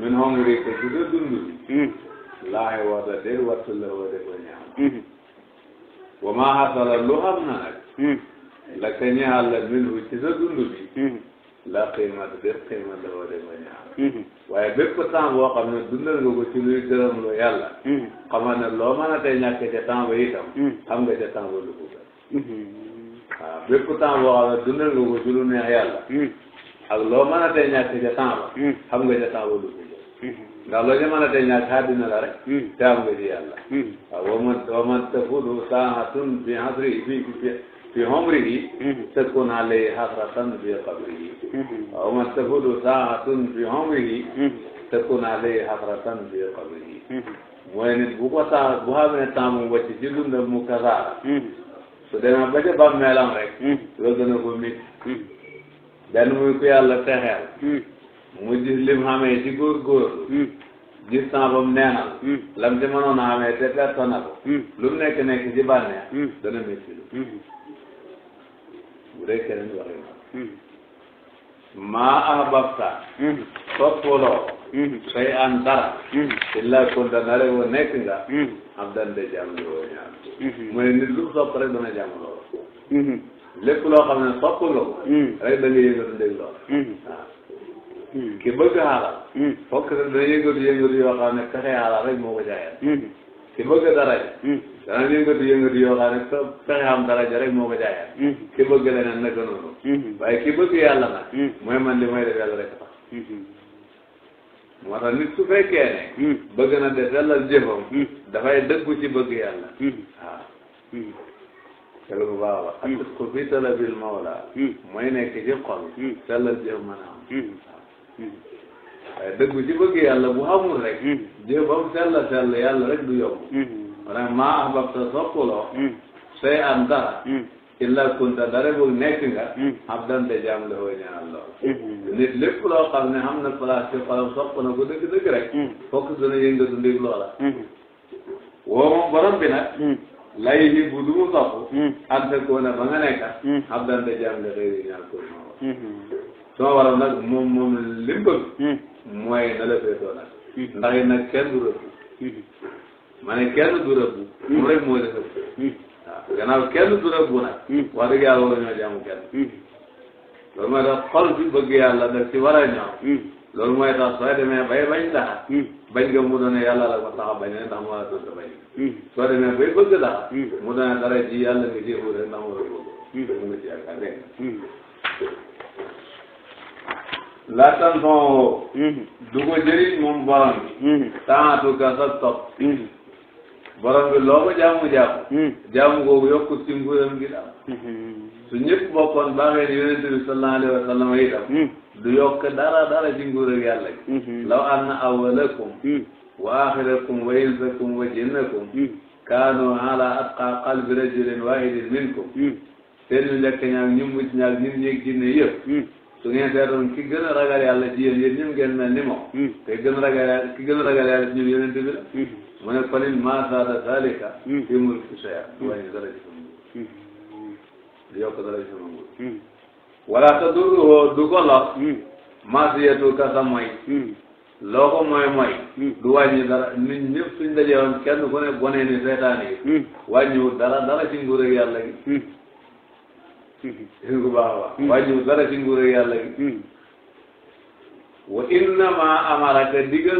min hongri ko ci sa dund bi. Mm-hmm. laaxe wata déet wattu la woo de ko ñaan wa maa xasala lu am na nag hmm. la ka ñaal la minhu ci sa dund bi hmm. la qiimata déet qiima la woo de ko ñaan waaye bépp temps boo xam ne dundal nga ko ci luy gërëm lu yàlla hmm. xamal ne loo mën a tey ñàkk ca temps ba itam xam nga ca temps ba lu ko gën waaw bépp temps boo xam ne dundal nga ko ci lu neex yàlla ak loo mën a tey ñàkk ca temps ba xam nga ca temps ba lu ko gën ndax loo jamono ñàkk àddina la rek. te am hmm. nga ci yàlla. waaw wa man wa man tafudu saatun fi asri fi fi umrihi. takun alayhi hasratan fi qabrihi. waaw wa man tafudu saatun fi umrihi. takun alayhi hasratan fi qabrihi. mooy nit bu ko saa bu xamee ne temps mu wàcc ci dundam mu kasaara. su demee ba ca bàmmeelam rek. loolu dana ko métti. benn hmm. muy ku yàlla texeel. Hmm. mu gis lim xamee ci góorgóorlu. gis naa ba mu neenal hmm. lam ci mënoon a amee te perte na ko hmm. lu mu nekk nekk ci bànneex hmm. dana métti lu bu dee keneen waxe maa ahbabta soppaloo say an dara illa kon dana rek wa nekk nga am dan de jàmm li woo ñaan mu ne nit lu sopp rek dana jàmm loolu lépp loo xam ne sopp nga ko rek da nga yëngatu dégg loolu waaw Hmm. ki bëgg xalal hmm. fokk hmm. dana yëngatu yëngatu yoo xam ne pexe xalal moo ko jaayal ki bëgg daraja dana yëngatu yëngatu yoo xam ne pexe am moo ko jaayal bëgg leneen naka noonu waaye bëgg yàlla nag mooy man li may def yàlla rek tax moo tax nit su bëgg na def yàlla jëfam dafay dëggu ci bëgg yàlla waaw telu bu baax a baax ak ko fi talabil mawla mooy nekk ci xol sellal jëf mën a am waaye dëggu ci bëgg yàlla bu rek. jéem mm. ba mu sell sell yàlla rek du yomb. ma mm. ne maa ahbabta soppuloo. Mm. say an dara. illa kunta dara boog de jaam la woo ñaan lool. nit lépp loo xam ne am na place ci xolam sopp na ko dëgg dëgg rek. fokk dana yëngatu ndig loola. woo moom borom bi nag. lay yi bu du mu sopp. ànd ak koo na de jaam la xëy na ñaan ko. Mm-hmm. sama waral nag moom moom li mu bëgg. Hmm. mooy na la féetoo nag. Hmm. ndax it nag kenn du rëbbu. Hmm. ma ne kenn du rëbbu. mu rek mooy rëbb. waaw gannaaw kenn du rëbbu nag. wax dëgg yàlla war ñoo jaamu kenn. loolu mooy tax xol bi bëgg yàlla daf ci war a ñëw. loolu mooy tax soo demee bay bañ daxa. bañ nga mu doone yàlla la ko tax a bañ ndax moo la tudd bañ. soo demee bay bëgg daxa. mu doone dara ji yàlla nga jéem a rek ndax moo la bëgg. mu ngi ci yaakaar laataan soo. Mm-hmm. du ko jëriñ moom borom bi. Mm-hmm. temps du gas ak topp. Mm-hmm. borom bi loo ko jaamu jaamu. jaamu googu yokku ci nguuram gi daal. su ñëpp bokkoon baaxee ni yonente bi sallallahu alayhi wa sallam itam. du yokk dara dara ci nguuram yàlla gi. law anna awwalakum. wa aaxirakum wa insakum wa jinnakum. kaanu ala atqa qalbi rajulin waahidin minkum. seen ñu njëkk ñaar ñu mujj ñaar ñu njëkk jinne yëpp. su ngeen seetoon ki gën a ragal yàlla ci yéen yéen ñëpp ngeen mel ni moom. te gën a ragal yàlla ki gën a ragal yàlla ci ñun yonent bi la. mu ne Falil maa zaada zaalika. fi mulki shay'a. wàññi dara ci sama nguur. di yokk dara ci sama nguur. wala te du du ko lor. maasiyatu ka sa mooy. loo ko mooy mooy. du wàññi dara nit ñëpp suñ dajeewoon kenn ku ne bonee ni seetaan yi. wàññiwul dara dara ci nguur ak yàlla gi. sin gu baax a baax wàññiwul dara ci nguur yàlla gi hmm. wa innama amaraka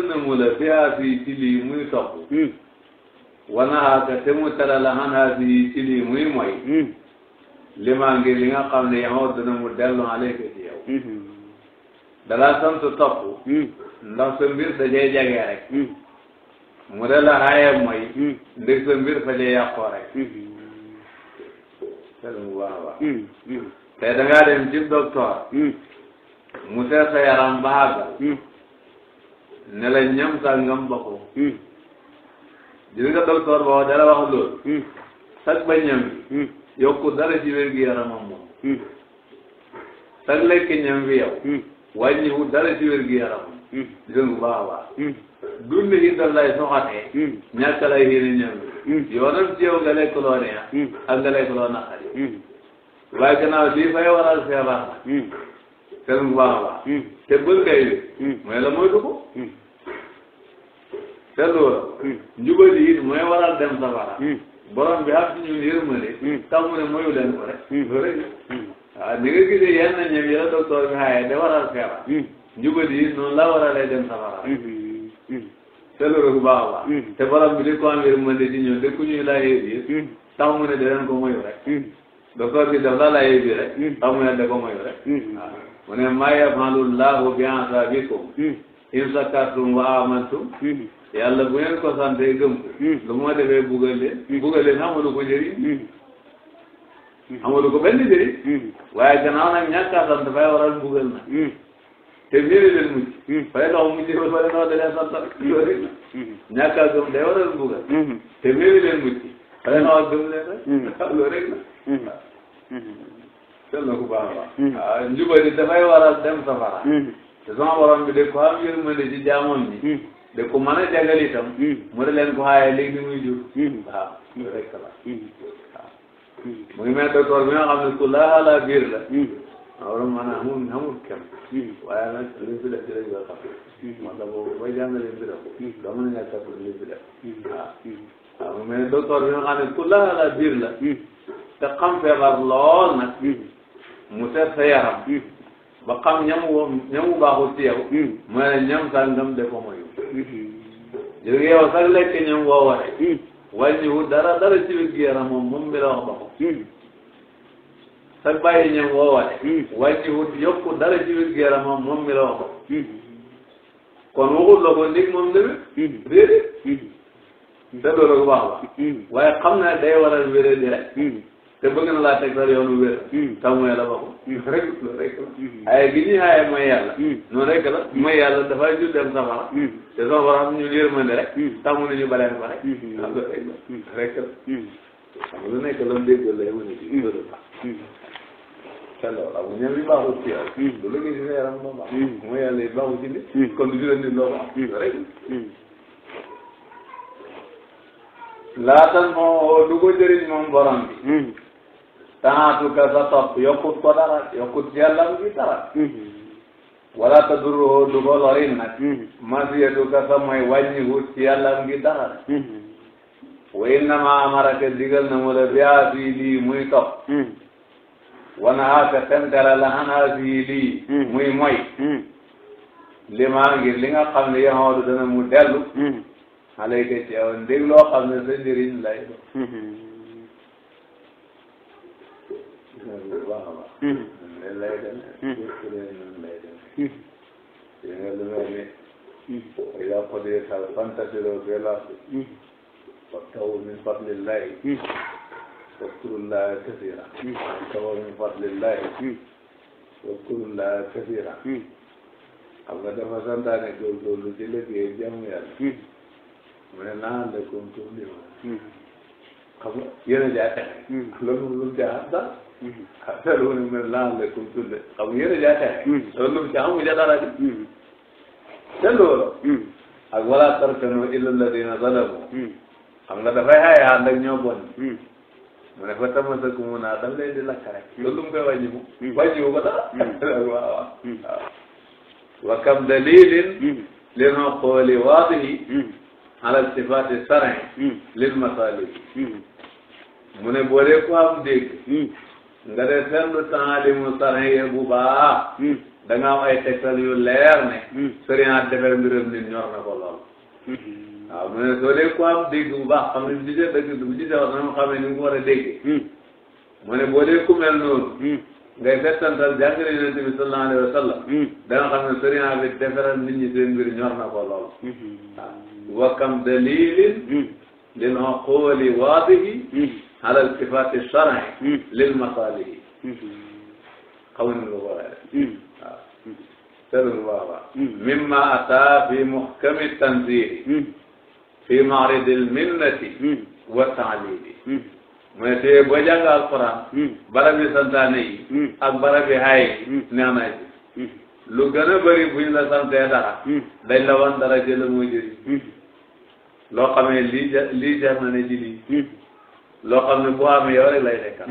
na mu la fiha fii ci lii muy topp hmm. wanahaaka mu tere la xanaa fii ci lii muy moy hmm. li maa ngi li nga xam ne yemoo dana mu dellu aleyka ci yow dalaa sant topp ndax sa mbir dajay jagee rek mu de la xaayee moy ndeg sa mbir fa rek Hmm. Hmm. tey da ngaa dem ci docteur. Hmm. mu seet sa yaram ba àggal. ne la ñam sàngam ba ko. gis nga docteur ba wax dara wax loolu. sag ba ñam bi. yokku dara ci wér gi yaramam moom. sag lekk ñam bi yow. wàññiwu dara ci wér gi yaramam. gis nga bu baax a baax. dund yi dal lay soxatee. ñàkk lay yéene ñoom. yoonam ci yow nga lekk loo neex. ak nga lekk loo naqari. waaye gannaaw lii fay waral feebar la. seen bu baax a baax. te bët kay bi. mooy la moytu ko. te loolu. njubal yi it mooy waral dem safara. borom bi xam ci ñun yërmande. tax mu ne moyu leen ko rek. loolu rek waaw ni nga gisee yenn ñoom yi la docteur bi xaayee de waral feebar. njubal yi noonu la waralee dem safara. te loolu bu baax a baax te borom bi li ko am yërmande ci ñoom lépp ñuy laajee biir tax mu ne da leen ko moyu rek hmm. docteur bi daf la laajee biir rek hmm. mu ne da ko moyu rek hmm. mu ne maa yafalu laahu bi ansaabikum in sakartum wa amantum yàlla bu ngeen ko santee gëm ko lu ma defee bugal leen bugal leen amalu ko njëriñ amalu ko benn njëriñ waaye gannaaw nag ñàkk a sant dafay waral bugal na te miiri leen mujj. fay noo mujj ba pare noo dalee santal yoo rek la. ñàkk a gëm day waral mbugal. te miiri leen mujj. fay noo gëm leen rek. loolu rek la. sel na ku baax a baax. njubali dafay waral dem safara. te sama borom bi de ko am yërmande ci jaamoon ñi. de ko mën a jagal itam. mu ne leen ko xaaye léegi ni muy jur. waaw loolu rek la. waaw. mu ngi mel docteur bi nga xam ne ku laaxalaa loolu maanaam amul amul kenn. waaye nag li fi def ci lañ koy xam. moo tax boobu booy jàngale li fi def. doo mën a ñàkk a pour li fi def. waaw waaw mais docteur bi nga xam ne ku la la biir la. te xam feebar lool nag. mu seet sa yaram. ba xam ñamu woon ñamu baaxul ci yow. mu ne ñam sangam de ko moyu. léegi yow sax lekk ñam woo waree. dara dara ci biir yaram moom moom mi la wax sa bàyyi ñoom woowaale. Hmm. wàññi wut yokku dara ci biir géramam moom mi la waxoon. Hmm. kon waxul la ko ndig moom tamit. Hmm. déedéet. déedéet la ko baax a baax. waaye xam naa day waral wéré di rek. te bëgg na laa teg dara yoonu wér. taw la waxoon. rek la rek la. ay gi ñuy aaye mooy yàlla. noonu rek la mooy yàlla dafay ju dem safara. te safara am ñu yërmande rek. tamu nañu baleen ba rek. rek la rek la. xam nga lu nekk lan dégg la yemale ji. te loolu amul ñoom li baaxul ci yow. du liggéey ci sa yaram moo baax. Hmm. mooy yàlla yi baaxul ci nit. Hmm. kon du jural nit loo baax. bi. Hmm. taatu ka sa topp yokkut ko dara yokkut jàllam gi dara. wala ta duru du ko lorin nag. masiyatu ka sa mooy wàññiwut ci yàllam gi dara. way na ma amara ka digal na mu la biyaas yi lii muy topp. wana haaka tenkara la xanaa fii lii hmm. muy moy hmm. li maa ngir li nga xam ne yaxoolu dana mu dellu xaleyka hmm. ci aw ndég loo xam ne sa njëriñ lay do baax a baax len lay demee noonu lay demee yi nga lu mel ni ila qudiyat al fantasiro fil ardi wabtagu min fadlillahi waskurullaha kasira tawa min fadlillahi waskurullaha kasira xam nga dafa santaane góorgóorlu ci liggéey jàmm yàlla mu ne naan la comme tuum li ma xam nga yéen a jaa texe loolu moom lu mu jaa xam dara xam nga loolu mu ne naan la comme tuum xam nga yéen a jaa texe loolu lu mu jaa xamu ja dara di te loolu ak wala tarkanu illa alladina zalamu xam nga dafay xaye ànd ak ñoo bon mu ne fa tamasa ku mu di lakk loolu lu mu koy wàññi mu wàññi wu dalilin hmm. lin xooli waadihi hmm. ala sifaati sarin hmm. lil masali mu ne boo dee ko am dégg nga dee seetlu taalimu sarin ye bu baax da nga am yu leer ne sëriñ a defar mbiram nit ñor na ko waaw mu ne soo dee ku am dégg bu baax xam ne bu gisee dëgg bu gisee wax na mu xamee mu ko war a déggee. mu ne boo dee mel noonu. ngay settantal jàngale yonent bi sallallahu alayhi da nga xam ne sëriñ bi defaral nit ñi seen mbir ñor na wa kam dalilin. lil uquli waadihi. ala iltifaati shar'i. lil masaalihi. xamuñ lu ko waxee rek. waaw seetlu bu baax a baax. fii maaridil minnati hmm. wa taalili hmm. mu ne tey boo jàng alquran hmm. barabi santaane yi ak barabi hay yi neex na ci lu gën a bëri bu ñu la santee dara dañ la wan dara jëla moo jëriñ loo xamee lii ja lii jar na ne lii loo xam ne boo amee yow rek lay nekkal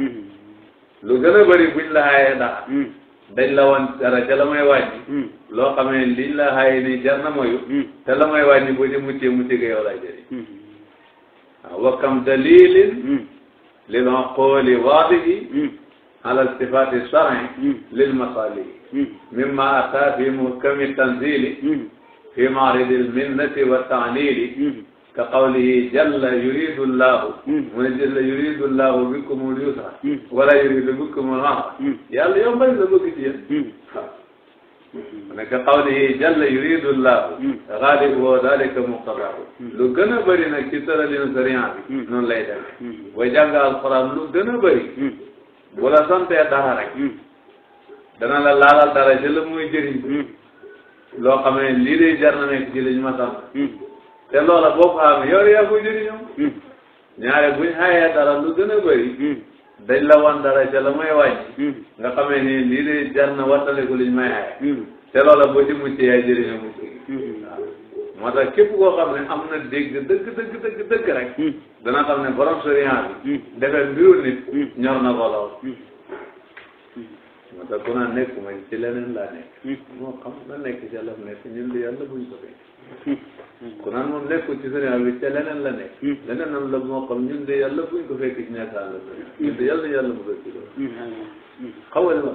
lu gën a bëri bu ñu la hayee dara dañ la wan dara ca la may wàññi. Hmm. loo xamee liñ la xaay ni jar na moyu. Hmm. te la may wàññi boo ca muccee mucc ga yow laa jëriñ. Hmm. waaw wa kam dalilin. lil uquli waadigi. ala sifaati shar'i. lil masaligi. mimma ataa fi muhkami tanzili. fi maaridi l minnati wa ka qawlihi jalla yuridu llahu mu ne jalla yuridu llahu bikumul yusra wala yuridu bikumul usra yàlla yombal la bëgg ci yéen ka qawlihi jalla yuridu llahu gaalib wa dalika muqtadahu lu gën a bëri nag ci tëralin sariya bi noonu lay demee booy jàng alxuraan lu gën a bëri bu la santee dara rek dana la dara ci la muy jëriñ loo xam li lii day jar na ma sant te loola boo ko amee yow yaa ko jëriñoo hmm. ñaare buñ xayee dara lu hmm. la wan dara ca la may wàññi hmm. nga xamee ni lii de jar na wattaleku liñ may xaye te loola ci mucc yaay jëriñoo mucc waaw moo tax képp koo xam ne am na dégg dëgg dëgg dëgg dëgg rek dana xam ne borom sérient bi defee mbiru nit ñor na ko lool moo naa nekk ma ci leneen laa nekk moo xam nekk ca la nekk ñun li yàlla buñ ko fekk ku naan moom lekkul ci sëriñ bi ca leneen la nekk leneen am la moo xam ñun de yàlla buñ ko fekk ci nekk àll bi ñun de yàlla yàlla mu fekk ci loolu xaw ma ne ma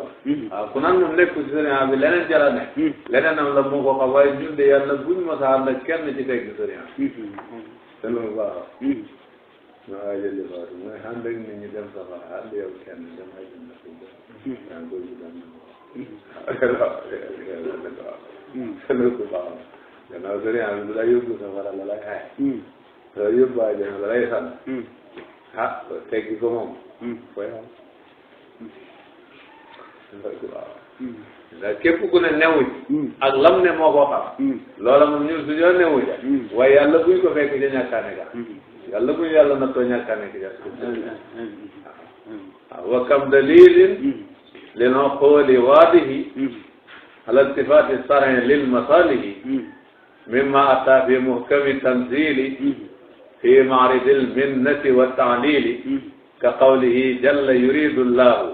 ku naan moom lekkul ci sëriñ bi leneen ca la nekk leneen am la moo ko xam waaye ñun de yàlla buñ ma saa ànd kenn ci fekk sëriñ bi te loolu baax ma waa jëli baatu mooy ànd ak nit ñi dem safara ànd yow kenn dem ay jënd ko yaa ngi koy gannaaw sëriñ bi bu la yóbbu safara la lay xaye bu la yóbbu àjjana la lay sant ah teggi ko moom fooy am ndax képp ku ne newuj ak lam ne moo ko xam loola moom ñun suñoo newuj waaye yàlla buñ ko fekk ca ñàkkaane ga yàlla buñ yàlla nattoo ñàkkaane ki ja wa kam dalilin hmm. li noo xooli waadihi hmm. ala iltifaati sarin lil masalihi hmm. mimma ata fi muhkami tanzili fi maaridi lminnati wa taalili ka qawlihi jalla yuridu llahu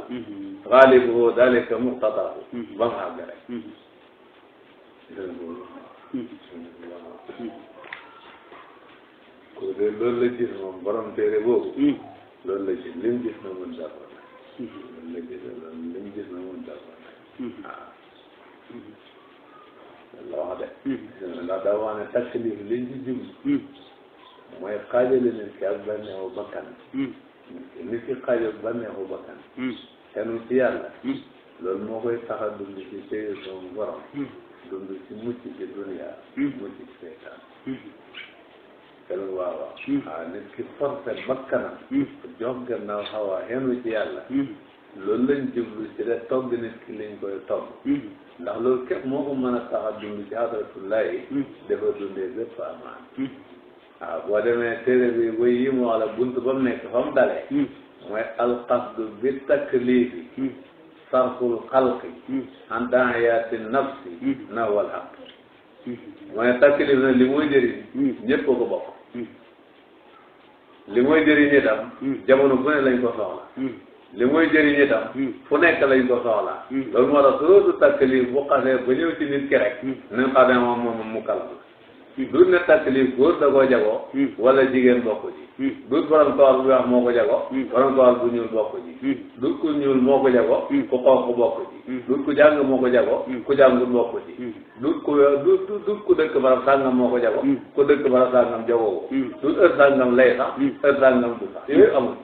gaalibuhu dalika muqtadahu ba mu àgg rek ko de loolu la gis moom borom téere boobu loolu la gis lim gis na mun d'accord nag loolu la gis loolu lim gis na mun d'accord nag waaw la wax de ndax daa wax ne taklif liñ ci jublu mooy xaajale nit ki ak bànneexu bakkan hmm. nit ki xaajal bànneexu bakkan hmm. kenn ci yàlla hmm. loolu moo koy tax a dund ci téye son borom dund ci mucc ci duniya mucc ci seytaan kenn waaw waaw ah, nit ki forcé bakkanam jox gannaaw xawa xenu ci yàlla loolu lañ jublu ci de togg nit ki liñ koy togg ndax loolu képp moo ko mën a tax a dund ci hadratullahi hmm. dafa dundee bépp amaan hmm. waaw boo demee bi way yi mu wax la bunt ba mu nekk fa mu dalee hmm. mooy alqasdu bi taklifi sarful xalqi an daayati nafsi na wal haq mooy taklif na li mooy jëriñ ñëpp ko li mooy jëriñ itam jamono bu ne lañ ko soxla li muy jëriñ itam hmm. fu nekk lañ ko soxla hmm. loolu moo tax surtout taklif bu xasee ba ñëw ci nit ki rek hmm. nañ xamee moom moom mu kalam la duut ne taklif góor da koo jagoo wala jigéen bokk ji duut borom kawar bu weex moo ko jagoo borom kawar bu ñuul bokk ji duut ku ñuul moo ko jagoo ku xonq bokk ji duut ku jàng moo ko jagoo ku jàngul bokk ji duut ku duut duut ku dëkk barab sàngam moo ko jagoo ku dëkk barab sàngam jagoo ko duut heure sàngam lay sax heure sàngam du sax yooyu amul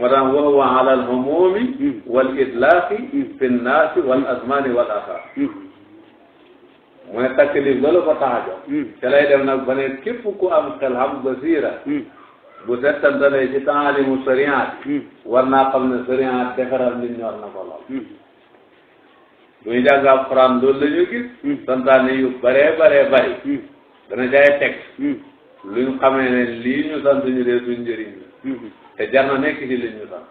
moo tax wa huwa ala al-humumi hmm. wal idlaaqi hmm. fi nnaasi wal azmani wal asaar hmm. mu ne taklif loolu ko tax a jox nag ba ne képp ku am xel xam bu settantalee ci taalimu sariat war naa na ko lool bu ñu jàng alquran loolu la ñu gis santaane yu bëree bëree bëri dana jaay teg luñ xamee ne lii ñu ñu dee suñ te jar nekk ci li ñu sax.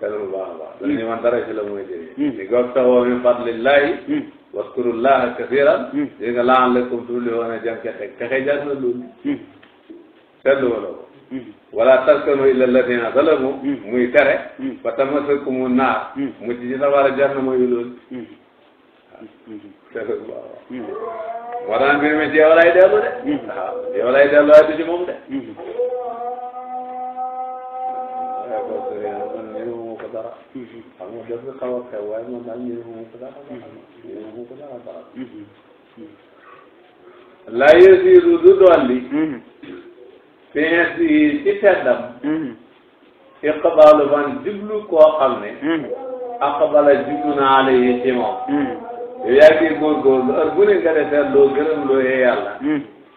te loolu baax a baax. danañu man dara ci la mooy jëriñ. li gox taxawoo min mm. fadlillahi. waskurullaha kasiran. li nga la'allakum tuflihuna jàng texe texe jar na loolu. wala ko. wala taskanu illa alladina zalamu. muy tere. ba tamassakumu naar. mu ci ci safara jar na mooy loolu. waaw loolu baax a mi ci yow lay dellu de. waaw yow ci moom de. la réer man ñeme wu ko dara. xam nga def nga xaw a xew waaye man ko dara. ñeme wu ko jublu naa alayhi ci moom. yow yaa ngi góorgóorlu heure bu ne nga defee loo gërëm loo yee yàlla.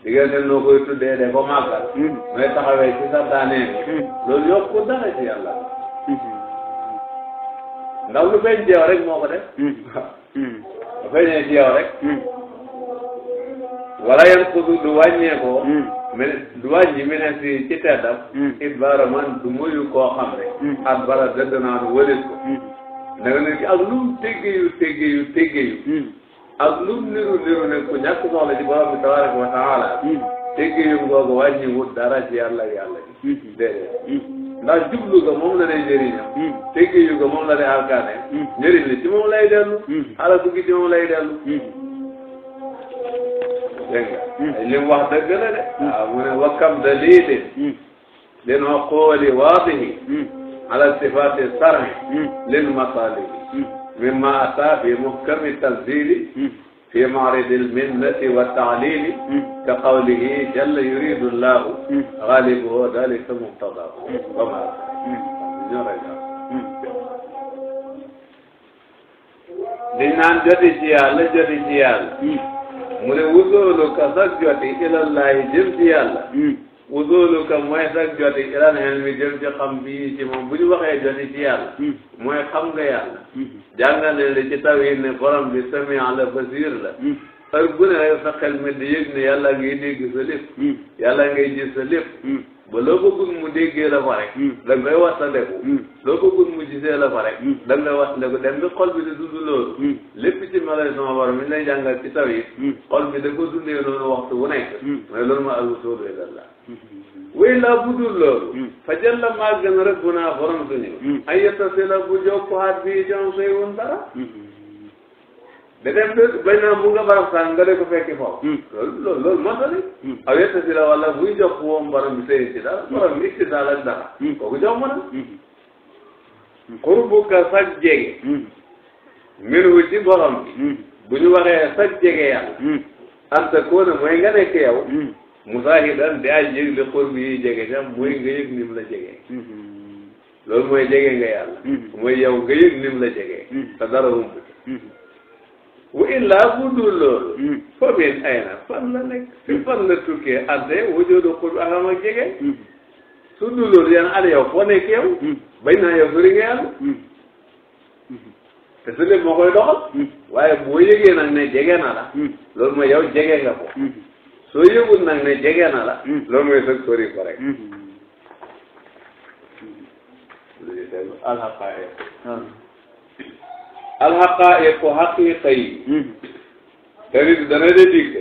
diggante noo koy tuddee de ko màggal. Hmm. mooy taxawee ci santaaneen. Hmm. loolu yokku dara ci yàlla. Hmm. ndax lu feeñ ci yow rek moo ko def. lu feeñee ci yow rek. yan kudu du wàññeekoo. mais du wàññi mi ne si ci teddam. it man du muyu koo xam rek. at bara dëgg naa ko. naka nit ki ak lu mu tëggee yu tëggee yu tëggee yu. ak lu mu niru niru ne ku ñàkk soxla ci borom bi tabaraka wa taala. teggeyum googu wut dara ci yàlla yàlla ji. Hmm. déedéet. Hmm. ndax ga moom la lay njëriñam. Hmm. teggeyu ga moom la lay alkaane. njëriñ li ci moom lay dellu. ala bu gi ci moom lay dellu. dégg nga. li mu wax dëgg la de. waaw ah, mu ne wakkam dalilin. lin uquli waadihi. ala sifaati sarhi. lin masalihi. mimma ata bi muhkami tafsili fi maaridi lminnati wa taalili ka qawlihi jalla yuridu llahu galibuhu dalika muqtadahu liñ naan joti ci yàlla joti ci yàlla mu ne wusoolu ka sax joti ilallahi jëm ci yàlla wusulu ka mooy sax joti ilan xel mi jëm ci xam bii ci moom bu ñu waxee joti ci yàlla hmm. mooy xam nga yàlla hmm. jàngal ne la ci taw yi ne borom bi samian la basir la hmm. heure bu ne rek sa xel mi di yëg ne yàlla ngay dégg sa lépp yàlla ngay gis sa lépp ba loo ko bëgg mu déggee la fa rek da nga koy wattandeku loo ko bëgg mu gisee la fa rek da nga koy wattandeku dem bi xol bi di dund loolu lépp ci meloy sama borom mi lay jàngal ci taw yi xol bi da ko dundee noonu waxtu bu nekk mooy loolu ma alwusuulu ilallah Mm-hmm. wéy laa budul loolu. Mm. fajal la maa gën rek mm. bu naa borom suñu. ay yetta si la bu jokkoo at bii jëm suy woon dara. Mm-hmm. da ko fekki foofu. Mm. loolu loolu matali. ay yetta si la wala buy jokkoo woon daal ak dara. kooku jox ma na. xur bu ka jege. mbir wu ci borom bi. bu ñu waxee sag jege yàlla. anta koo ne mooy musaahidan di aji yëg li xor bi jege tam mooy nga yëg nim la jege loolu mooy jege nga yàlla mm-hmm. mooy yow nga yëg nim la jege mm-hmm. te dara ump mm-hmm. wa illaa bu dul loolu famin ayna fan la nekk si fan la tukkee adde wujoodu xor bi axam ak jege su dul loolu yan ad yow foo nekk yow bañ naa yow sori nga yàlla te su lépp moo koy doxal waaye boo yëgee ne jege na la loolu mooy yow jege nga ko soo yëgul nag ne jege na la. loolu mooy sa sori ko rek. alxaqaa'iq. alxaqaa'iq ko xaqiiqa yi. dana de digg.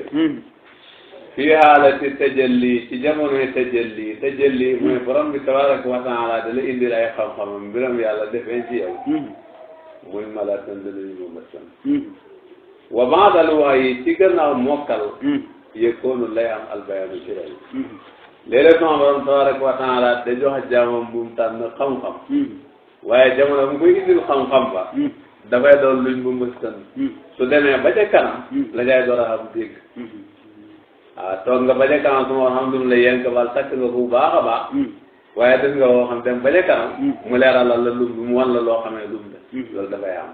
fii xaalati tajalli ci jamonoy tajalli tajalli mooy borom bi tabaraka wa taala dala indil ay xam-xamam mbiram yàlla defee ci yow. muy malaatan danañu ma masan. wa baadal wax yi ci gannaaw mokkal. yëkkoonu lay am albayanu ci rey mm-hmm. léeg-léeg sama borom tabaraka wa taala da jox jaamam bu mu tànn xam-xam mm-hmm. waaye jamono bu koy indil xam-xam ba mm-hmm. dafay doon luñ bu mbëstan su demee ba ca kanam la jaay door a xam dégg waaw ah, nga ba ca kanam suma alhamdulilah yéen ka bal takk nga ko bu baax a baax waaye def nga woo xam dem ba ca kanam mu leeralal la lum mu wan la loo xamee lum de loolu dafay am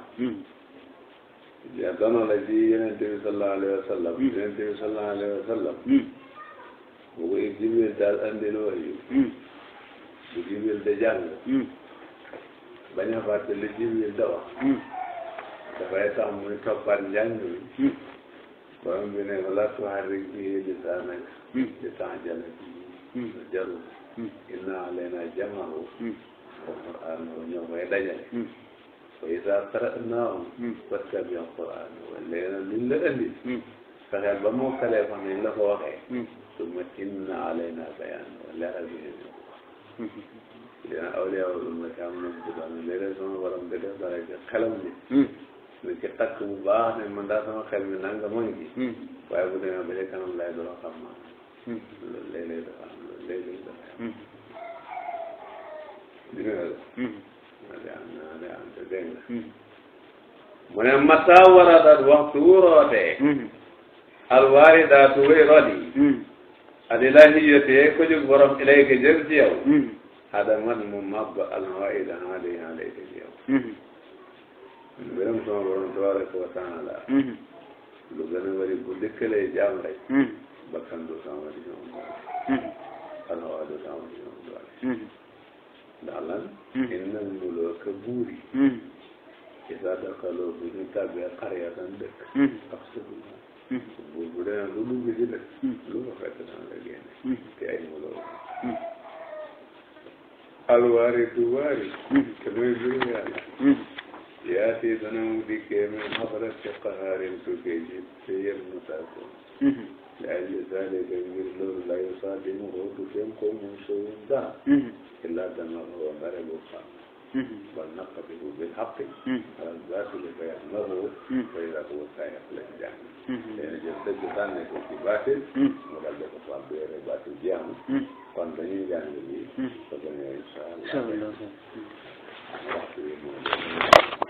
ya dono la ci yonent bi sallallahu alayhi wa sallam hmm. yonent bi sallallahu alayhi wa sallam hmm. bu ko Jibril daal andil wayu hmm. bu Jibril da jàng bañ a fàtte li Jibril da wax dafay tax muy toppat njàng mi borom bi ne ko laa tuharrik bihi lisaanaka lita'jala bihi jarul inna alaynaa jam'ahu wa qur'aanahu ñoo koy dajale وإذا قرأناهم فاتبع القرآن والليل luñ la andi. fexeel ba moo xale fa ni la ko waxee. summa inna alayna bayaan leeral bi ñu ko. dina awliya wala ma ci am na mu doon léeg-léeg sama borom bi def dara ci xelam ni. lu ci takk bu baax ne man daa sama xel mi nanga ma ngi. waaye bu demee ba ci kanam lay doon xam ma. loolu léeg-léeg dafa am loolu léeg-léeg dafa am. Hmm. mu ne mata waradat waxtu wu rootee hmm. alwaaridaatu way rod yi hmm. alilahiyatee ko jóg borom ilayka jëm ci yow hadamat mu mab alhawaida haali alayka ci yow mbiram sama borom tabaraka wa taala lu gën a bari bu dëkkalee jaam rek bakkan du sama di ñoom doole alhawaadu sama di ñoom doole ndax lan hmm. innal muluuka buur yi isa daxaloo bu ñu tàbbee xaryatan dëkk ak suufu buur bu dee lu dugg ci dëkk hmm. lu ko fekk daan la génne hmm. te ay muloo alwaari du waari te muy biir yàlla yaati dana mu dikkee min xabarat ci xaxaarin tukkee ji te yéen mu tàggoo yaa ngi zaalika ngir loolu la yu saa di mu xool du ko mu soowu daa. illa dana ko ba pare bu faam. ba naqa bi bu bëri xaq. ala zaati li koy am na ko. koy la ko saa yàq leen jàng. léegi jël dëgg sànni ko ci baatil. mu dal di ko faam bu yore baatil jàng. kon dañuy jàng lii. te ba ñëw incha allah. incha allah. waxtu bi moo